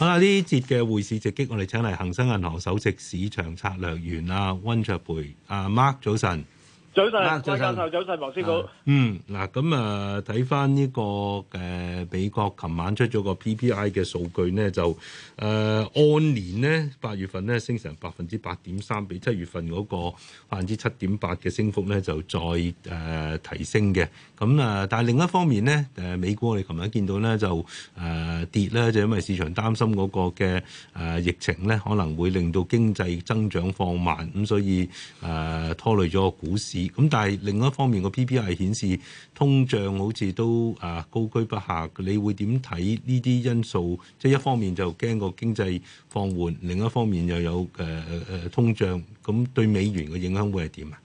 好啦，呢節嘅匯市直擊，我哋請嚟恒生銀行首席市場策略員啊溫灼培啊 Mark，早晨。早晨，蔡教授，早晨，黃師傅。嗯，嗱，咁啊，睇返呢個誒，美國琴晚出咗個 PPI 嘅數據呢，就誒、呃、按年呢，八月份呢，升成百分之八點三，比七月份嗰個百分之七點八嘅升幅呢，就再誒、呃、提升嘅。咁啊，但係另一方面呢，誒，美股我哋琴日見到呢，就誒、呃、跌咧，就因為市場擔心嗰個嘅誒疫情呢，可能會令到經濟增長放慢，咁所以誒、嗯啊、拖累咗個股市。咁但係另一方面個 PPI 顯示通脹好似都啊高居不下，你會點睇呢啲因素？即係一方面就驚個經濟放緩，另一方面又有誒誒通脹，咁對美元嘅影響會係點啊？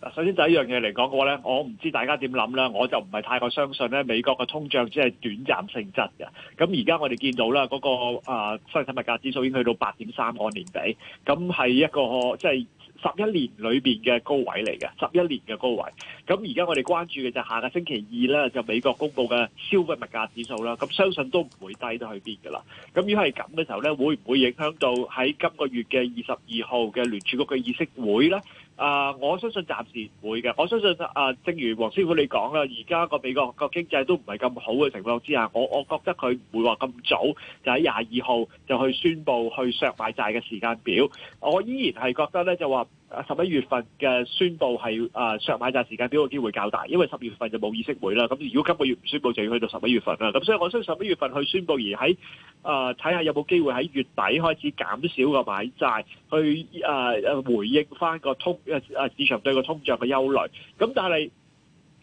嗱，首先第一樣嘢嚟講嘅咧，我唔知大家點諗啦，我就唔係太過相信咧美國嘅通脹只係短暫性質嘅。咁而家我哋見到啦，嗰個啊生產物價指數已經去到八點三按年比，咁係一個即係，就是十一年裏邊嘅高位嚟嘅，十一年嘅高位。咁而家我哋關注嘅就下個星期二咧，就美國公布嘅消費物價指數啦。咁相信都唔會低得去邊噶啦。咁如果係咁嘅時候咧，會唔會影響到喺今個月嘅二十二號嘅聯儲局嘅議息會咧？啊，uh, 我相信暫時唔會嘅。我相信啊，uh, 正如黃師傅你講啦，而家個美國個經濟都唔係咁好嘅情況之下，我我覺得佢唔會話咁早，就喺廿二號就去宣佈去削買債嘅時間表。我依然係覺得咧，就話。啊！十一月份嘅宣佈係啊，上買債時間表嘅機會較大，因為十月份就冇議息會啦。咁、嗯、如果今個月唔宣佈，就要去到十一月份啦。咁、嗯、所以我相信十一月份去宣佈，而喺啊睇下有冇機會喺月底開始減少個買債，去啊啊、呃、回應返個通啊啊市場對個通脹嘅憂慮。咁、嗯、但係。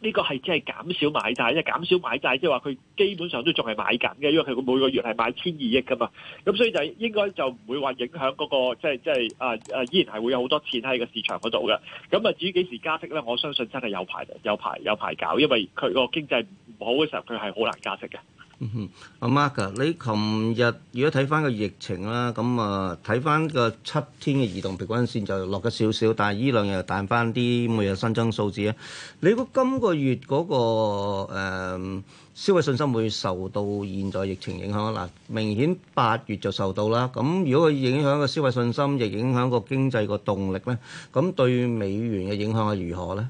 呢個係即係減少買債，即係減少買債，即係話佢基本上都仲係買緊嘅，因為佢每個月係買千二億㗎嘛。咁所以就應該就唔會話影響嗰個即係即係啊啊，依然係會有好多錢喺個市場嗰度嘅。咁啊，至於幾時加息咧，我相信真係有排，有排，有排搞，因為佢個經濟唔好嘅時候，佢係好難加息嘅。嗯哼，阿 Mark 啊，你琴日如果睇翻個疫情啦，咁啊睇翻個七天嘅移動平均線就落咗少少，但係依兩日又彈翻啲每日新增數字啊。你估今個月嗰、那個誒、嗯、消費信心會受到現在疫情影響啊？嗱，明顯八月就受到啦。咁如果佢影響個消費信心，亦影響個經濟個動力咧，咁對美元嘅影響係如何咧？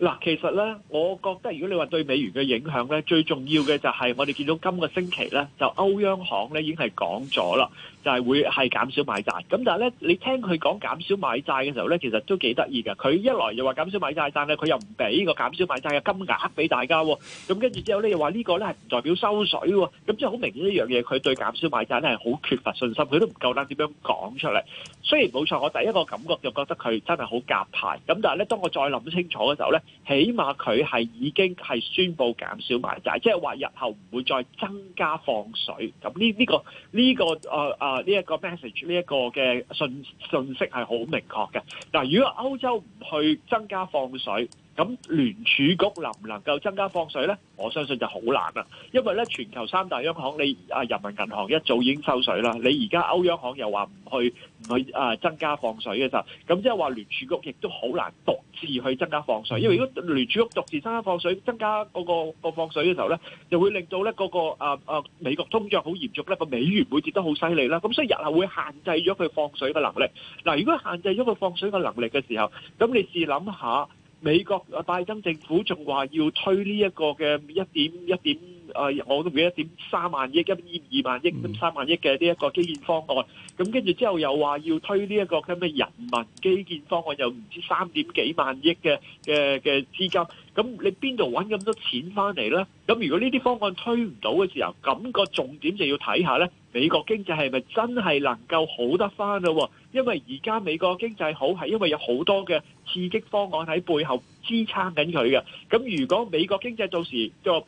嗱，其實咧，我覺得如果你話對美元嘅影響咧，最重要嘅就係我哋見到今個星期咧，就歐央行咧已經係講咗啦。就係會係減少買債，咁但係咧，你聽佢講減少買債嘅時候咧，其實都幾得意嘅。佢一來又話減少買債但係，佢又唔俾呢個減少買債嘅金額俾大家。咁、嗯、跟住之後咧，又話呢個咧係唔代表收水。咁即係好明顯一樣嘢，佢對減少買債咧係好缺乏信心，佢都唔夠膽點樣講出嚟。雖然冇錯，我第一個感覺就覺得佢真係好夾牌。咁但係咧，當我再諗清楚嘅時候咧，起碼佢係已經係宣佈減少買債，即係話日後唔會再增加放水。咁呢呢個呢、呢個啊啊！呃啊！呢、這、一個 message，呢一個嘅信信息係好明確嘅。嗱，如果歐洲唔去增加放水，咁聯儲局能唔能夠增加放水咧？我相信就好難啦，因為咧全球三大央行，你啊人民銀行一早已經收水啦，你而家歐央行又話唔去唔去啊增加放水嘅時候，咁即係話聯儲局亦都好難獨自去增加放水，因為如果聯儲局獨自增加放水，增加嗰、嗰個、嗰個放水嘅時候咧，就會令到咧、嗰、嗰個啊啊美國通脹好嚴重咧，個美元會跌得好犀利啦，咁所以日後會限制咗佢放水嘅能力。嗱，如果限制咗佢放水嘅能力嘅時候，咁你試諗下。美國拜登政府仲話要推呢一個嘅一點一點。誒，我都唔記得一點三萬億、一點二萬億、一點三萬億嘅呢一個基建方案，咁跟住之後又話要推呢一個咁嘅人民基建方案，又唔知三點幾萬億嘅嘅嘅資金，咁你邊度揾咁多錢翻嚟咧？咁如果呢啲方案推唔到嘅時候，咁個重點就要睇下咧，美國經濟係咪真係能夠好得翻啦？因為而家美國經濟好係因為有好多嘅刺激方案喺背後支撐緊佢嘅。咁如果美國經濟到時就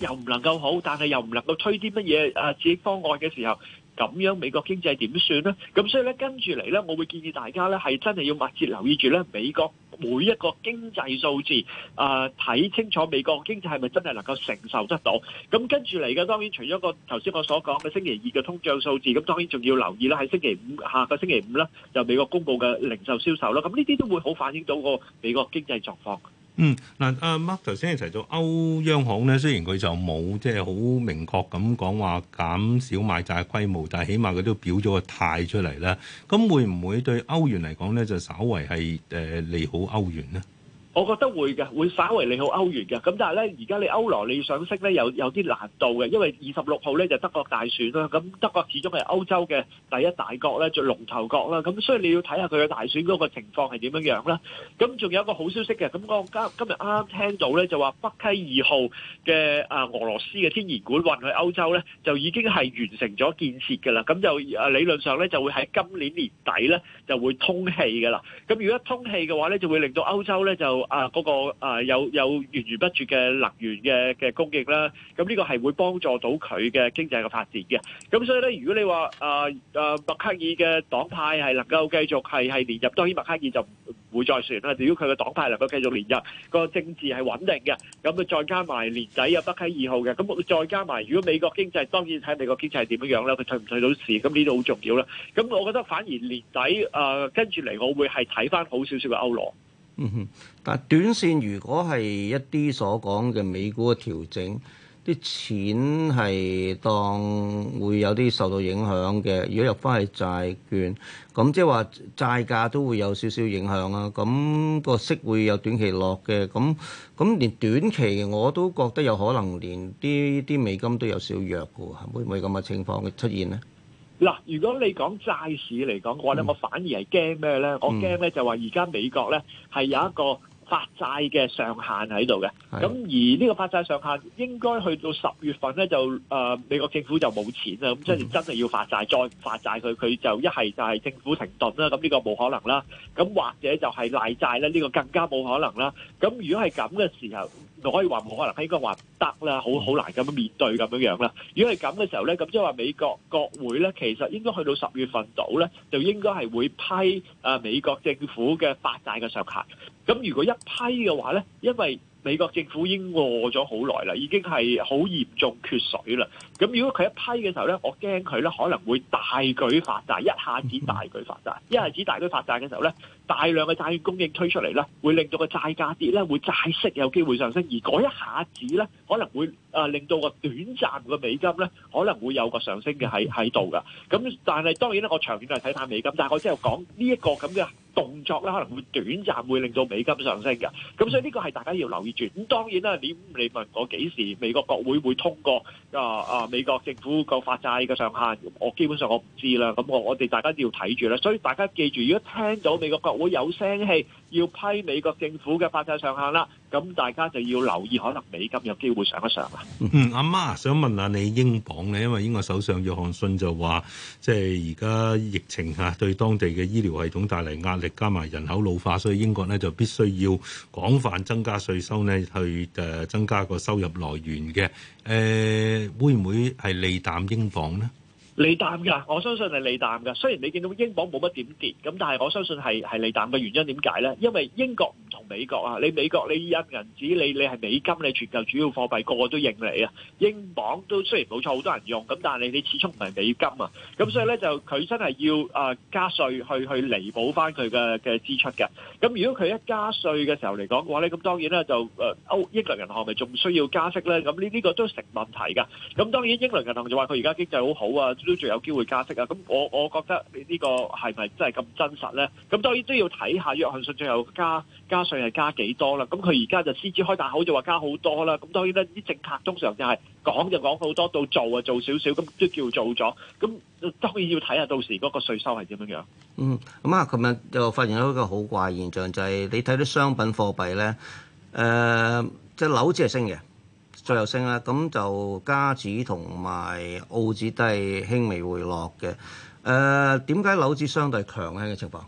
又唔能夠好，但係又唔能夠推啲乜嘢啊，刺激方案嘅時候，咁樣美國經濟點算呢？咁所以咧，跟住嚟呢，我會建議大家呢，係真係要密切留意住呢美國每一個經濟數字啊，睇清楚美國經濟係咪真係能夠承受得到？咁跟住嚟嘅，當然除咗個頭先我所講嘅星期二嘅通脹數字，咁當然仲要留意啦，喺星期五下個星期五咧，由美國公佈嘅零售銷售啦，咁呢啲都會好反映到個美國經濟狀況。嗯，嗱、啊，阿 Mark 頭先一提到歐央行咧，雖然佢就冇即係好明確咁講話減少買債規模，但係起碼佢都表咗個態出嚟啦。咁會唔會對歐元嚟講咧，就稍為係誒、呃、利好歐元咧？我覺得會嘅，會稍為利好歐元嘅。咁但係咧，而家你歐羅你想上昇咧，有有啲難度嘅，因為二十六號咧就是、德國大選啦。咁德國始終係歐洲嘅第一大國咧，就龍頭國啦。咁所以你要睇下佢嘅大選嗰個情況係點樣樣啦。咁仲有一個好消息嘅，咁我今日啱啱聽到咧就話北溪二號嘅啊俄羅斯嘅天然管運去歐洲咧，就已經係完成咗建設嘅啦。咁就啊理論上咧就會喺今年年底咧就會通氣嘅啦。咁如果通氣嘅話咧，就會令到歐洲咧就啊，嗰、那個、啊、有有源源不絕嘅能源嘅嘅供應啦，咁呢、啊這個係會幫助到佢嘅經濟嘅發展嘅。咁所以咧，如果你話啊啊默克爾嘅黨派係能夠繼續係係連任，當然默克爾就唔會再選啦。如果佢嘅黨派能夠繼續連任，那個政治係穩定嘅，咁啊再加埋年底有北溪二號嘅，咁、啊、再加埋如果美國經濟，當然睇美國經濟係點樣樣啦，佢退唔退到市，咁呢啲好重要啦。咁、啊、我覺得反而年底啊跟住嚟，我會係睇翻好少少嘅歐羅。嗯哼，但係短線如果係一啲所講嘅美股嘅調整，啲錢係當會有啲受到影響嘅。如果入翻去債券，咁即係話債價都會有少少影響啦。咁個息會有短期落嘅。咁咁連短期我都覺得有可能連啲啲美金都有少少弱嘅喎。會唔會咁嘅情況會出現咧？嗱，如果你講債市嚟講嘅話咧，嗯、我反而係驚咩咧？我驚咧、嗯、就話而家美國咧係有一個發債嘅上限喺度嘅，咁的而呢個發債上限應該去到十月份咧就誒、呃、美國政府就冇錢啦，咁即係真係要發債再發債佢，佢就一係就係政府停頓啦，咁呢個冇可能啦，咁或者就係賴債咧，呢、呢個更加冇可能啦，咁如果係咁嘅時候。我可以話冇可能，應該話得啦，好好難咁樣面對咁樣樣啦。如果係咁嘅時候咧，咁即係話美國國會咧，其實應該去到十月份度咧，就應該係會批啊美國政府嘅發債嘅上限。咁如果一批嘅話咧，因為美國政府已經餓咗好耐啦，已經係好嚴重缺水啦。咁如果佢一批嘅時候咧，我驚佢咧可能會大舉發債，一下子大舉發債，一下子大舉發債嘅時候咧，大量嘅債券供應推出嚟咧，會令到個債價跌咧，會債息有機會上升，而嗰一下子咧可能會啊、呃、令到個短暫嘅美金咧可能會有個上升嘅喺喺度噶。咁但係當然咧，我長遠係睇翻美金，但係我之後講呢一個咁嘅動作咧，可能會短暫會令到美金上升嘅。咁所以呢個係大家要留意住。咁當然啦，你你問我幾時美國國會會通過啊啊？呃呃美國政府個發債嘅上限，我基本上我唔知啦。咁我我哋大家都要睇住啦。所以大家記住，如果聽到美國國會有聲氣要批美國政府嘅發債上限啦，咁大家就要留意，可能美金有機會上一上啦。阿、嗯、媽想問下你英鎊呢？因為英國首相約翰遜就話，即係而家疫情下、啊、對當地嘅醫療系統帶嚟壓力，加埋人口老化，所以英國呢就必須要廣泛增加稅收呢去誒增加個收入來源嘅。誒、呃、會唔會係利淡英鎊呢？利淡噶，我相信係利淡噶。雖然你見到英鎊冇乜點跌，咁但係我相信係係利淡嘅原因點解咧？因為英國唔同美國啊，你美國你印銀紙，你你係美金，你全球主要貨幣個個都認你啊。英鎊都雖然冇錯好多人用，咁但係你你始終唔係美金啊。咁所以咧就佢真係要啊加稅去去彌補翻佢嘅嘅支出嘅。咁如果佢一加稅嘅時候嚟講嘅話咧，咁當然咧就誒歐英倫銀行咪仲需要加息咧？咁呢呢個都成問題㗎。咁當然英倫銀行就話佢而家經濟好好啊。都仲有機會加息啊！咁我我覺得呢個係咪真係咁真實咧？咁當然都要睇下約翰遜最後加加稅係加幾多啦。咁佢而家就獅子開大口就話加好多啦。咁當然咧，啲政客通常就係講就講好多，到做啊做少少，咁都叫做咗。咁當然要睇下到時嗰個稅收係點樣樣。嗯，咁啊，琴日又發現咗一個好怪現象，就係、是、你睇啲商品貨幣咧，誒、呃，隻樓先係升嘅。再有升啦，咁就加指同埋澳指都係輕微回落嘅。誒、呃，點解樓指相對強咧嘅情況？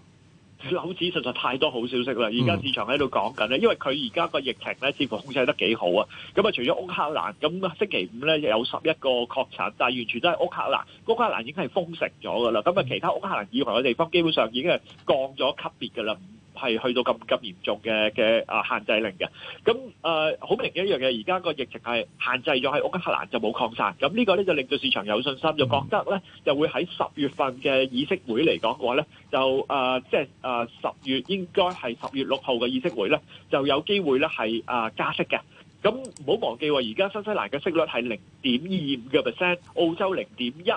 樓指實在太多好消息啦！而家市場喺度講緊咧，嗯、因為佢而家個疫情咧似乎控制得幾好啊。咁啊，除咗奧克蘭，咁啊星期五咧有十一個確診，但係完全都係奧克蘭。奧克蘭已經係封城咗噶啦。咁啊，其他奧克蘭以外嘅地方基本上已經係降咗級別噶啦。係去到咁咁嚴重嘅嘅啊限制令嘅，咁啊好明顯一樣嘅，而家個疫情係限制咗喺奧克蘭就冇擴散，咁呢個咧就令到市場有信心，就覺得咧就會喺十月份嘅議息會嚟講嘅話咧，就啊即係啊十月應該係十月六號嘅議息會咧就有機會咧係啊加息嘅，咁唔好忘記而家新西蘭嘅息率係零點二五嘅 percent，澳洲零點一，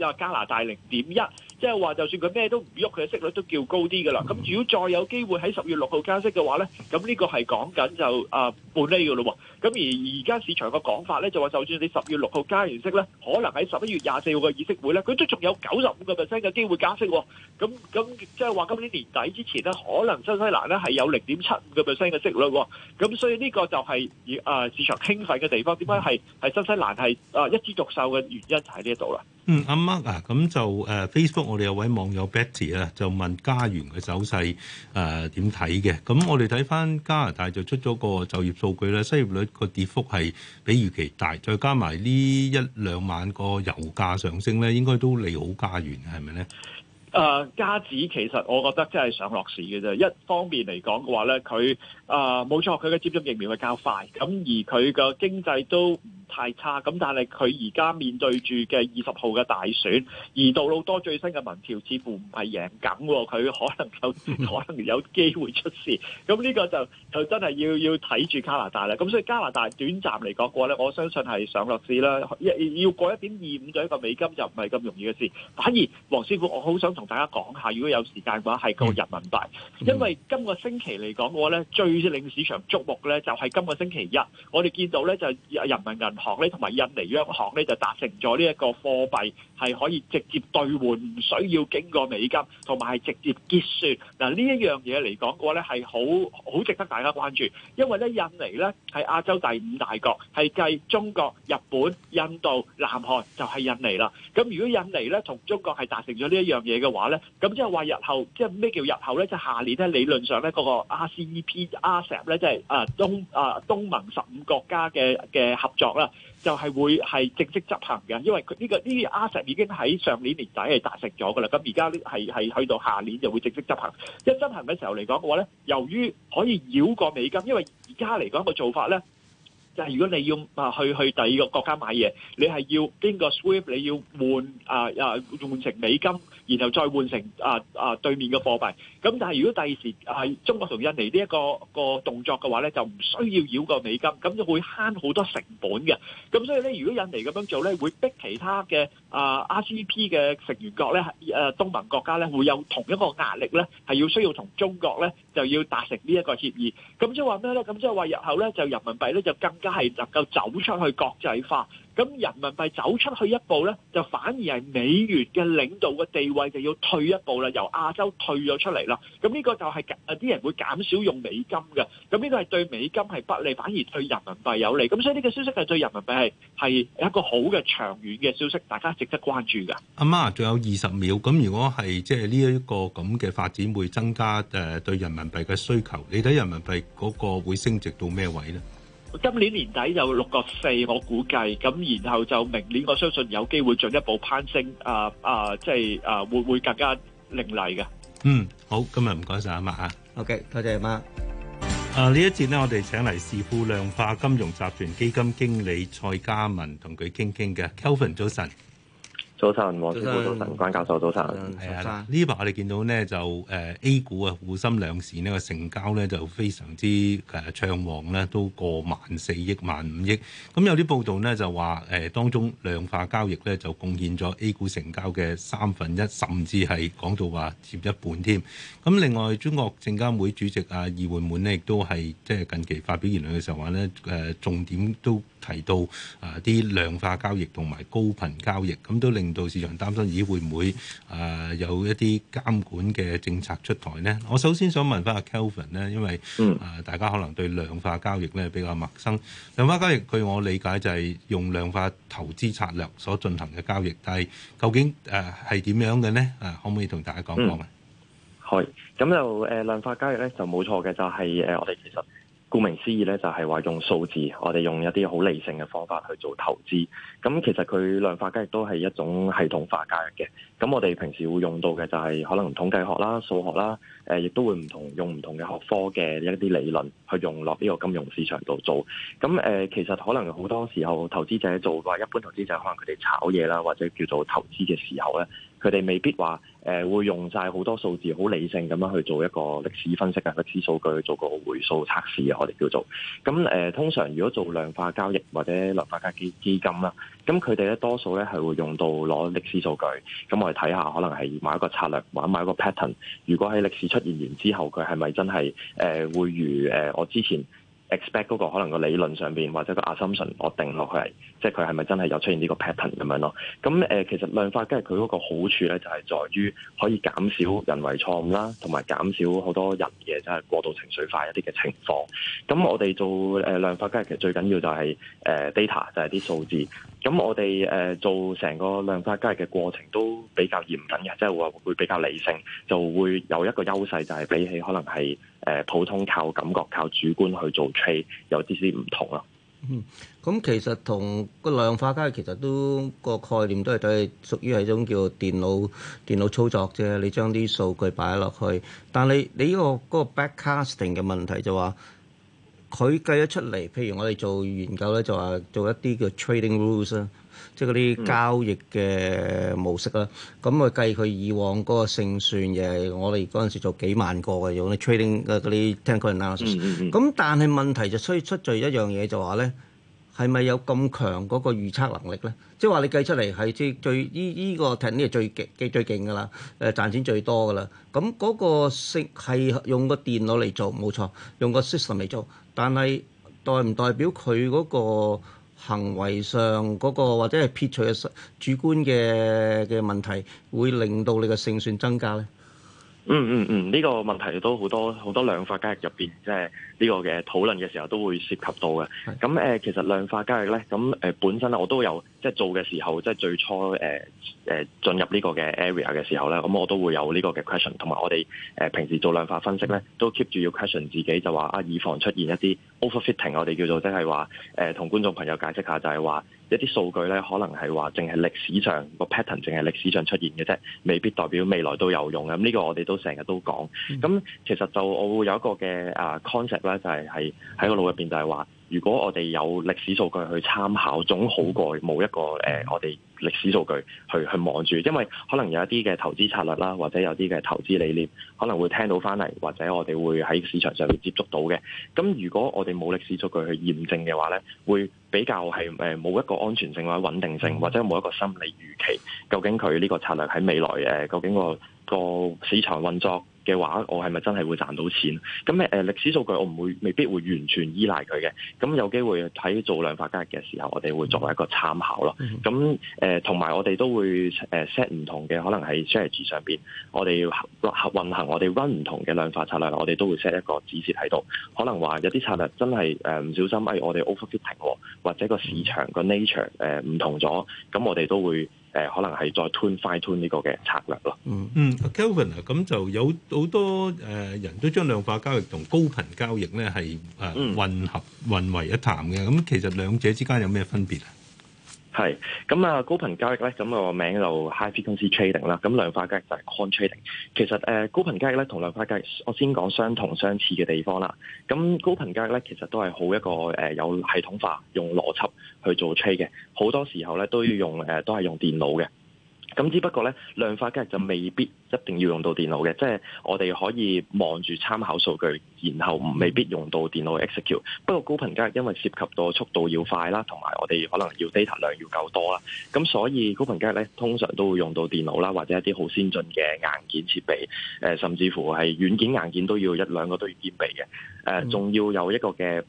又加拿大零點一。即係話，就算佢咩都唔喐，佢嘅息率都叫高啲噶啦。咁如果再有機會喺十月六號加息嘅話咧，咁呢個係講緊就啊、呃、半厘噶咯。咁而而家市場嘅講法咧，就話就算你十月六號加完息咧，可能喺十一月廿四號嘅議息會咧，佢都仲有九十五個 percent 嘅機會加息、哦。咁咁即係話今年年底之前咧，可能新西蘭咧係有零點七五個 percent 嘅息率、哦。咁所以呢個就係、是、以、呃、市場興奮嘅地方，點解係係新西蘭係啊一枝獨秀嘅原因就喺呢度啦。嗯，阿 Mark 啊，咁就誒 Facebook 我哋有位網友 Betty 啊，就問加元嘅走勢誒點睇嘅？咁我哋睇返加拿大就出咗個就業數據咧，失業率個跌幅係比預期大，再加埋呢一兩晚個油價上升咧，應該都利好加元，係咪咧？誒加、呃、子其實我覺得真係上落市嘅啫，一方面嚟講嘅話咧，佢誒冇錯，佢嘅接種疫苗係較快，咁而佢嘅經濟都唔太差，咁但係佢而家面對住嘅二十號嘅大選，而杜魯多最新嘅民調似乎唔係贏緊，佢可，可能有可能有機會出事，咁、嗯、呢、這個就就真係要要睇住加拿大啦。咁、嗯、所以加拿大短暫嚟講嘅話咧，我相信係上落市啦，一要過一點二五咗一個美金就唔係咁容易嘅事，反而黃師傅，我好想。同大家講下，如果有時間嘅話，係個人民幣，因為今個星期嚟講嘅話咧，最令市場矚目咧，就係今個星期一，我哋見到咧就人民銀行咧同埋印尼央行咧就達成咗呢一個貨幣。係可以直接兌換，唔需要經過美金，同埋係直接結算。嗱、呃，呢一樣嘢嚟講嘅話咧，係好好值得大家關注，因為咧印尼咧係亞洲第五大國，係繼中國、日本、印度、南韓就係、是、印尼啦。咁如果印尼咧同中國係達成咗呢一樣嘢嘅話咧，咁即係話日後即係咩叫日後咧？即、就、係、是、下年咧理論上咧嗰，那個 RCEP、RCEP 咧即係啊東啊東盟十五國家嘅嘅合作啦。就係會係正式執行嘅，因為佢、這、呢個呢啲 asset 已經喺上年年底係達成咗噶啦，咁而家呢係係去到下年就會正式執行。一執行嘅時候嚟講嘅話咧，由於可以繞過美金，因為而家嚟講個做法咧。就係如果你要啊去去第二個國家買嘢，你係要邊個 SWIFT？你要換啊啊換成美金，然後再換成啊啊對面嘅貨幣。咁但係如果第二時係中國同印尼呢、這、一個、這個動作嘅話咧，就唔需要繞個美金，咁就會慳好多成本嘅。咁所以咧，如果印尼咁樣做咧，會逼其他嘅啊 RCEP 嘅成員國咧誒、啊、東盟國家咧，會有同一個壓力咧，係要需要同中國咧。就要達成呢一個協議，咁即係話咩咧？咁即係話日後咧，就人民幣咧就更加係能夠走出去國際化。咁人民幣走出去一步咧，就反而係美元嘅領導嘅地位就要退一步啦，由亞洲退咗出嚟啦。咁呢個就係、誒、啲人會減少用美金嘅，咁呢個係對美金係不利，反而對人民幣有利。咁所以呢個消息係對人民幣係係一個好嘅長遠嘅消息，大家值得關注嘅。阿媽，媽，仲有二十秒，咁如果係即係呢一個咁嘅發展會增加誒對人民幣嘅需求，你睇人民幣嗰個會升值到咩位咧？今年年底有六個四，我估計咁，然後就明年，我相信有機會進一步攀升。啊、呃、啊、呃，即係啊、呃，會會更加凌厲嘅。嗯，好，今日唔該晒阿媽啊，OK，多謝阿媽。媽啊，呢一節呢，我哋請嚟時富量化金融集團基金經理蔡嘉民，同佢傾傾嘅。Kelvin，早晨。早晨，黃先生，關教授，早晨。早晨，呢排我哋見到呢，就誒 A 股啊，滬深兩市呢個成交呢，就非常之誒暢旺，呢都過萬四億、萬五億。咁有啲報道呢，就話誒，當中量化交易呢，就貢獻咗 A 股成交嘅三分一，甚至係講到話佔一半添。咁另外，中國證監會主席啊易會滿呢，亦都係即係近期發表言論嘅時候話呢，誒，重點都。提到啊啲量化交易同埋高頻交易，咁都令到市場擔心，咦會唔會啊有一啲監管嘅政策出台呢？我首先想問翻阿 Kelvin 呢，因為啊大家可能對量化交易呢比較陌生。量化交易，據我理解就係用量化投資策略所進行嘅交易，但係究竟誒係點樣嘅呢？啊，可唔可以同大家講講啊？係，咁就誒量化交易呢就冇錯嘅，就係誒我哋其實。顧名思義咧，就係、是、話用數字，我哋用一啲好理性嘅方法去做投資。咁其實佢量化交易都係一種系統化交易嘅。咁我哋平時會用到嘅就係可能統計學啦、數學啦，誒、呃，亦都會唔同用唔同嘅學科嘅一啲理論去用落呢個金融市場度做。咁誒、呃，其實可能好多時候投資者做嘅話一般投資者，可能佢哋炒嘢啦，或者叫做投資嘅時候咧。佢哋未必話誒會用晒好多數字，好理性咁樣去做一個歷史分析嘅個資料，歷史數據去做個回溯測試啊！我哋叫做咁誒、呃。通常如果做量化交易或者量化基基金啦，咁佢哋咧多數咧係會用到攞歷史數據，咁我哋睇下可能係買一個策略，或者買一個 pattern。如果喺歷史出現完之後，佢係咪真係誒、呃、會如誒、呃、我之前 expect 嗰個可能個理論上面或者個 assumption 我定落去？即係佢係咪真係有出現呢個 pattern 咁樣咯？咁誒、呃，其實量化交易佢嗰個好處咧，就係、是、在於可以減少人為錯誤啦，同埋減少好多人嘅真係過度情緒化一啲嘅情況。咁我哋做誒量化交易，其實最緊要就係誒 data，就係啲數字。咁我哋誒做成個量化交易嘅過程都比較嚴謹嘅，即係話會比較理性，就會有一個優勢，就係比起可能係誒、呃、普通靠感覺、靠主觀去做 t 有啲啲唔同咯。嗯，咁其實同個量化交易其實都、嗰個概念都係對，屬於係一種叫電腦電腦操作啫。你將啲數據擺落去，但係你呢、呢個嗰、嗰個 backcasting 嘅問題就話、係，佢計咗出嚟。譬如我哋做研究咧，就話做一啲叫 trading rules。即係嗰啲交易嘅模式啦，咁佢、嗯、計佢以往嗰個勝算嘅。我哋嗰陣時做幾萬個嘅，用啲 trading 嗰啲 technical analysis、嗯。咁但係問題就係、出出在一樣嘢就話、係、咧，係咪有咁強嗰個預測能力咧？即係話你計出嚟係即係最呢依、呢個 technical 係最勁、呢個、最勁㗎啦，誒賺錢最多㗎啦。咁嗰個係用個電腦嚟做冇錯，用個 system 嚟做，但係代唔代表佢嗰、嗰個？行為上嗰個或者係撇除嘅主觀嘅嘅問題，會令到你嘅勝算增加咧？嗯嗯嗯，呢、嗯嗯這個問題都好多好多量化交易入邊，即係呢個嘅討論嘅時候都會涉及到嘅。咁誒是、嗯呃，其實量化交易咧，咁、呃、誒本身咧，我都有即係做嘅時候，即係最初誒誒進入呢個嘅 area 嘅時候咧，咁、嗯、我都會有呢個嘅 question。同埋我哋誒平時做量化分析咧，都 keep 住要 question 自己，就話啊，以防出現一啲 overfitting，我哋叫做即係話誒，同觀眾朋友解釋下就係、是、話。一啲數據咧，可能係話，淨係歷史上個 pattern，淨係歷史上出現嘅啫，未必代表未來都有用嘅。咁呢個我哋都成日都講。咁其實就我會有一個嘅啊 concept 咧，就係係喺個腦入邊就係話，如果我哋有歷史數據去參考，總好過冇一個誒我哋歷史數據去去望住，因為可能有一啲嘅投資策略啦，或者有啲嘅投資理念，可能會聽到翻嚟，或者我哋會喺市場上面接觸到嘅。咁如果我哋冇歷史數據去驗證嘅話呢，會比較係誒冇一個安全性或者穩定性，或者冇一個心理預期。究竟佢呢個策略喺未來誒，究竟個個市場運作嘅話，我係咪真係會賺到錢？咁誒、呃、歷史數據我，我唔會未必會完全依賴佢嘅。咁有機會喺做量化交易嘅時候，我哋會作為一個參考咯。咁誒同埋我哋都會誒 set 唔同嘅，可能喺 Sharpe 上邊，我哋要運行我哋 run 唔同嘅量化策略，我哋都會 set 一個指示喺度。可能話有啲策略真係誒唔小心，誒、哎、我哋 overfitting，或者個市場、個 nature 誒、呃、唔同咗，咁我哋都會。誒可能係再 tune fine tune 呢個嘅策略咯、嗯。嗯嗯，Kelvin 啊，咁、啊、就有好多誒、呃、人都將量化交易同高頻交易咧係誒混合混為一談嘅。咁、嗯嗯嗯、其實兩者之間有咩分別啊？係咁啊，高頻交易咧，咁個名 high trading，就 high frequency trading 啦。咁量化交易就係 con trading。其實誒、呃，高頻交易咧同量化交易，我先講相同相似嘅地方啦。咁高頻交易咧，其實都係好一個誒、呃，有系統化用邏輯去做 trade 嘅，好多時候咧都要用誒、呃，都係用電腦嘅。咁只不過咧，量化交易就未必一定要用到電腦嘅，即係我哋可以望住參考數據，然後唔未必用到電腦 execute。不過高頻交易因為涉及到速度要快啦，同埋我哋可能要 data 量要夠多啦，咁所以高頻交易咧通常都會用到電腦啦，或者一啲好先進嘅硬件設備，誒、呃、甚至乎係軟件硬件都要一兩個都要兼備嘅，誒、呃、仲要有一個嘅。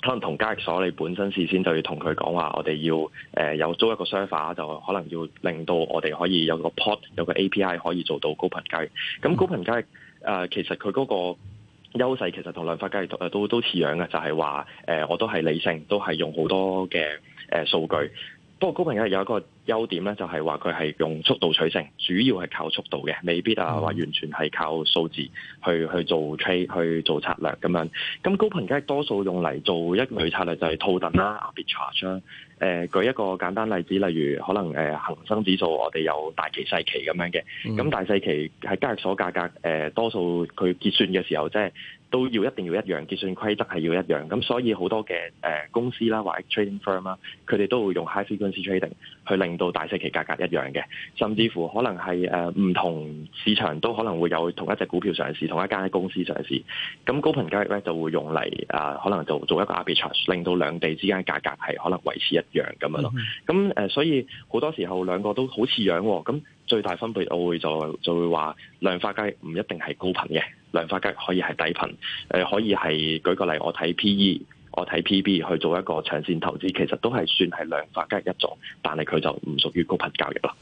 可能同交易所你本身事先就要同佢講話，我哋要誒、呃、有租一個 server，就可能要令到我哋可以有個 port，有個 API 可以做到高頻交易。咁高頻交易誒，其實佢嗰個優勢其實同量化交易都都似樣嘅，就係話誒我都係理性，都係用好多嘅誒、呃、數據。不過高頻交易有一個。優點咧就係話佢係用速度取勝，主要係靠速度嘅，未必啊話完全係靠數字去去做 trade 去做策略咁樣。咁高頻梗係多數用嚟做一類策略，就係套等戥啦、arbitrage 啦。誒，舉一個簡單例子，例如可能誒、呃、恆生指數，我哋有大期細期咁樣嘅。咁大細期喺交易所價格誒、呃、多數佢結算嘅時候即係。都要一定要一樣，結算規則係要一樣，咁所以好多嘅誒、呃、公司啦，或者 trading firm 啦，佢哋都會用 high frequency trading 去令到大細期價格一樣嘅，甚至乎可能係誒唔同市場都可能會有同一隻股票上市，同一間公司上市，咁高頻交易咧就會用嚟啊、呃，可能就做一個 arbitrage，令到兩地之間價格係可能維持一樣咁樣咯。咁誒，所以好多時候兩個都好似樣喎，咁。最大分別我會就就會話量化雞唔一定係高頻嘅，量化雞可以係低頻，誒，可以係舉個例，我睇 P E，我睇 P B 去做一個長線投資，其實都係算係量化雞一種，但係佢就唔屬於高頻交易啦。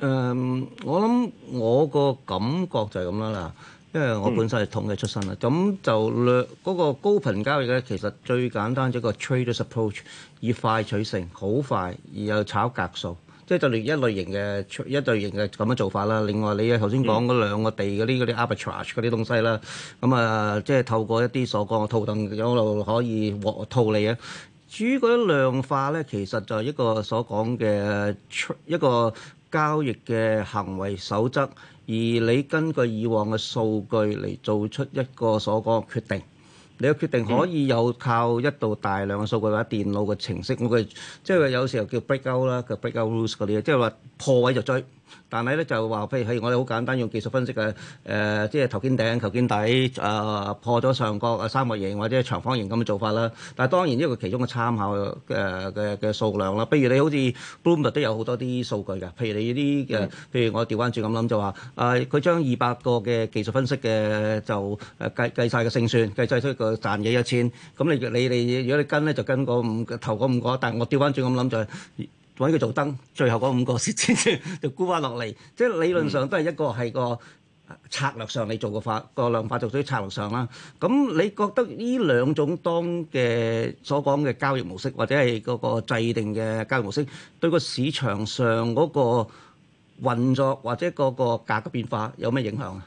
誒、嗯，我諗我個感覺就係咁啦嗱，因為我本身係統計出身啦，咁、嗯、就量嗰、那個高頻交易咧，其實最簡單即個 trade approach，以快取勝，好快，而後炒格數。即係就連一類型嘅一類型嘅咁嘅做法啦。另外你頭先講嗰兩個地嗰啲嗰啲 arbitrage 嗰啲東西啦，咁、嗯、啊，即係透過一啲所講嘅套戥嗰度可以獲套利啊。至於嗰啲量化咧，其實就係一個所講嘅一個交易嘅行為守則，而你根據以往嘅數據嚟做出一個所講嘅決定。你嘅決定可以有靠一度大量嘅數據或者電腦嘅程式，我嘅、嗯、即係話有時候叫 breakout 啦，叫 breakout rules 嗰啲，即係話破位就追。但係咧就話譬如我哋好簡單用技術分析嘅誒、呃，即係頭肩頂、頭肩底啊、呃，破咗上角啊三角形或者長方形咁嘅做法啦。但係當然呢個其中嘅參考嘅嘅嘅數量啦。譬如你好似 Bloomberg 都有好多啲數據嘅，譬如你呢啲嘅，譬如我調翻轉咁諗就話啊，佢將二百個嘅技術分析嘅就計計晒個勝算，計晒出個賺嘢一千。咁你你你，如果你跟咧就跟個五頭個五個，但係我調翻轉咁諗就係。揾佢做燈，最後嗰五個蝕錢，就沽翻落嚟。即係理論上都係一個係個策略上你做個化、嗰個量化做水策略上啦。咁你覺得呢兩種當嘅所講嘅交易模式，或者係嗰個制定嘅交易模式，對個市場上嗰個運作或者嗰個價格變化有咩影響啊？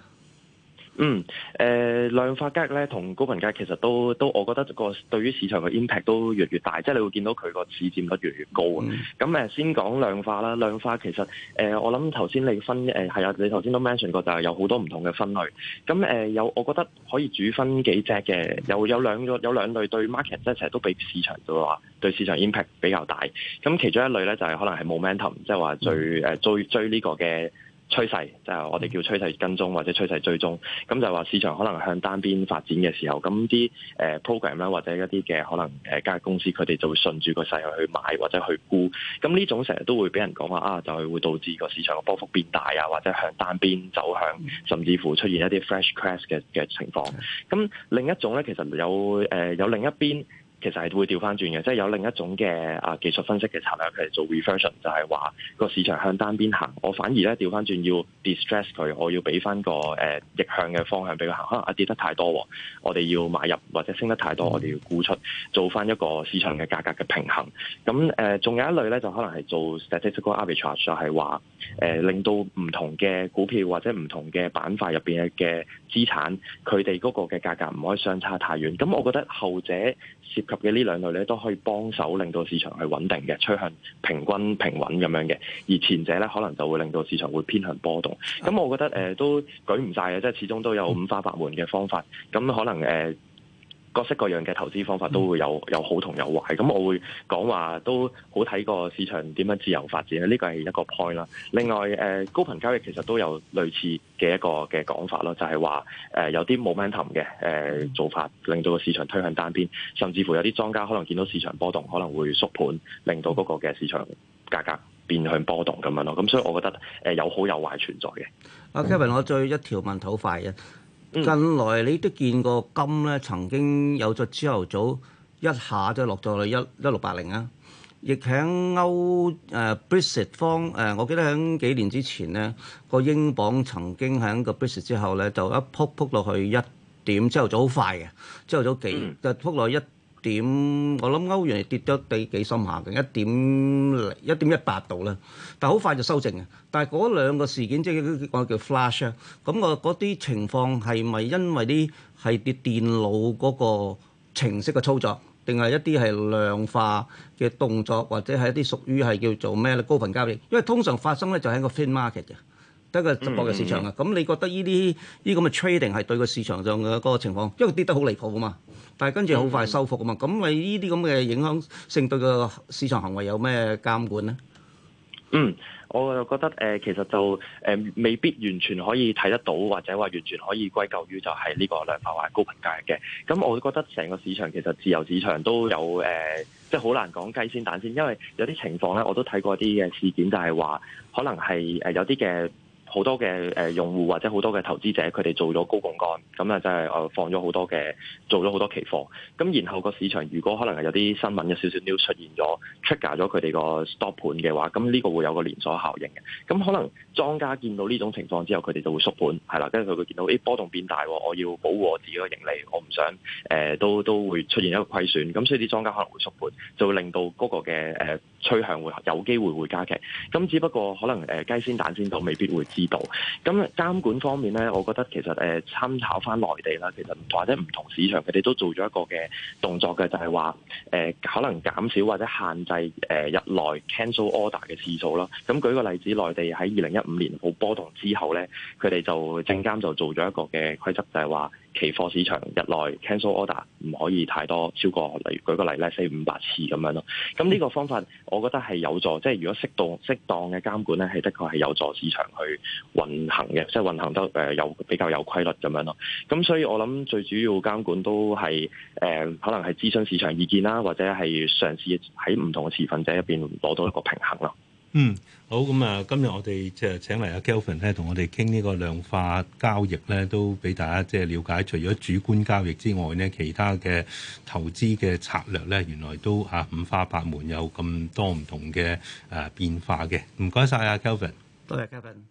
嗯，誒、呃，量化街咧同高頻街其實都都，我覺得個對於市場嘅 impact 都越來越大，即係你會見到佢個市占率越來越高，咁誒、嗯嗯，先講量化啦，量化其實誒、呃，我諗頭先你分誒係啊，你頭先都 mention 過，就係有好多唔同嘅分類。咁、嗯、誒、呃，有，我覺得可以主分幾隻嘅，有有兩個有兩類對 market 即係成日都比市對市場就話對市場 impact 比較大。咁、嗯、其中一類咧就係、是、可能係冇 momentum，、um, 即係話最誒追追呢個嘅。趨勢就係、我哋叫趨勢跟蹤或者趨勢追蹤，咁就話、係、市場可能向單邊發展嘅時候，咁啲誒 program 啦或者一啲嘅可能誒間公司佢哋就會順住個勢去去買或者去沽。咁呢種成日都會俾人講話啊，就係會導致個市場嘅波幅變大啊，或者向單邊走向，甚至乎出現一啲 flash crash 嘅嘅情況。咁另一種咧，其實有誒、呃、有另一邊。其實係會調翻轉嘅，即係有另一種嘅啊技術分析嘅策略，佢係做 reversion 就係話個市場向單邊行，我反而咧調翻轉要 distress 佢，我要俾翻個誒逆向嘅方向俾佢行，可能啊跌得太多，我哋要買入，或者升得太多，我哋要沽出，做翻一個市場嘅價格嘅平衡。咁誒，仲、呃、有一類咧，就可能係做 statistical arbitrage，就係話誒令到唔同嘅股票或者唔同嘅板塊入邊嘅嘅資產，佢哋嗰個嘅價格唔可以相差太遠。咁我覺得後者涉及嘅呢兩類咧都可以幫手令到市場係穩定嘅，趨向平均平穩咁樣嘅。而前者咧可能就會令到市場會偏向波動，咁我覺得誒、呃、都舉唔晒嘅，即係始終都有五花八門嘅方法。咁可能誒。呃各式各樣嘅投資方法都會有有好同有壞，咁我會講話都好睇個市場點樣自由發展啦，呢個係一個 point 啦。另外誒、呃、高頻交易其實都有類似嘅一個嘅講法咯，就係話誒有啲冇 momentum 嘅誒、呃、做法，令到個市場推向單邊，甚至乎有啲莊家可能見到市場波動，可能會縮盤，令到嗰個嘅市場價格變向波動咁樣咯。咁所以我覺得誒有好有壞存在嘅。阿、嗯、Kevin，我再一條問題快嘅。嗯、近來你都見過金咧，曾經有咗朝頭早一下就落咗去一一六八零啊！亦喺歐誒 Brexit 方誒、呃，我記得喺幾年之前咧，個英鎊曾經喺個 Brexit 之後咧就一撲撲落去一點，朝頭早好快嘅，朝頭早幾、嗯、就撲落一。點？我諗歐元係跌咗幾幾深下嘅，一點零一點一八度啦。但係好快就修正嘅。但係嗰兩個事件即係講叫 flash 咁個嗰啲情況係咪因為啲係跌電腦嗰個程式嘅操作，定係一啲係量化嘅動作，或者係一啲屬於係叫做咩咧高頻交易？因為通常發生咧就喺個 thin market 嘅。得個直播嘅市場啊，咁、嗯、你覺得呢啲依咁嘅 trading 係對個市場上嘅嗰個情況，因為跌得好離譜啊嘛，但係跟住好快收復啊嘛，咁你呢啲咁嘅影響性對個市場行為有咩監管咧？嗯，我就覺得誒、呃，其實就誒、呃、未必完全可以睇得到，或者話完全可以歸咎於就係呢個量化或高頻交易嘅。咁、嗯、我覺得成個市場其實自由市場都有誒、呃，即係好難講雞先蛋先，因為有啲情況咧，我都睇過啲嘅事件就係話可能係誒有啲嘅。好多嘅誒用戶或者好多嘅投資者，佢哋做咗高槓桿，咁啊就係誒放咗好多嘅做咗好多期貨。咁然後個市場如果可能係有啲新聞嘅少少 new 出現咗 trigger 咗佢哋個 stop 盤嘅話，咁呢個會有個連鎖效應嘅。咁可能莊家見到呢種情況之後，佢哋就會縮盤，係啦，跟住佢會見到誒、哎、波動變大，我要保護我自己嘅盈利，我唔想誒、呃、都都會出現一個虧損，咁所以啲莊家可能會縮盤，就會令到嗰個嘅誒趨向會有機會會加劇。咁只不過可能誒、呃、雞先蛋先到，未必會。度。咁監管方面咧，我覺得其實誒參考翻內地啦，其實或者唔同市場佢哋都做咗一個嘅動作嘅，就係話誒可能減少或者限制誒、呃、日內 cancel order 嘅次數啦。咁舉個例子，內地喺二零一五年好波動之後咧，佢哋就證監就做咗一個嘅規則，就係話。期貨市場日內 cancel order 唔可以太多，超過例如舉個例咧四五百次咁樣咯。咁呢個方法，我覺得係有助，即係如果適當適當嘅監管咧，係的確係有助市場去運行嘅，即係運行得誒有、呃、比較有規律咁樣咯。咁所以我諗最主要監管都係誒、呃，可能係諮詢市場意見啦，或者係嘗試喺唔同嘅持份者入邊攞到一個平衡咯。嗯，好，咁啊，今日我哋就請嚟阿 Kelvin 咧，同我哋傾呢個量化交易咧，都俾大家即係瞭解，除咗主觀交易之外咧，其他嘅投資嘅策略咧，原來都啊五花八門，有咁多唔同嘅啊變化嘅。唔該晒，阿 Kelvin，多謝 Kelvin。Kelvin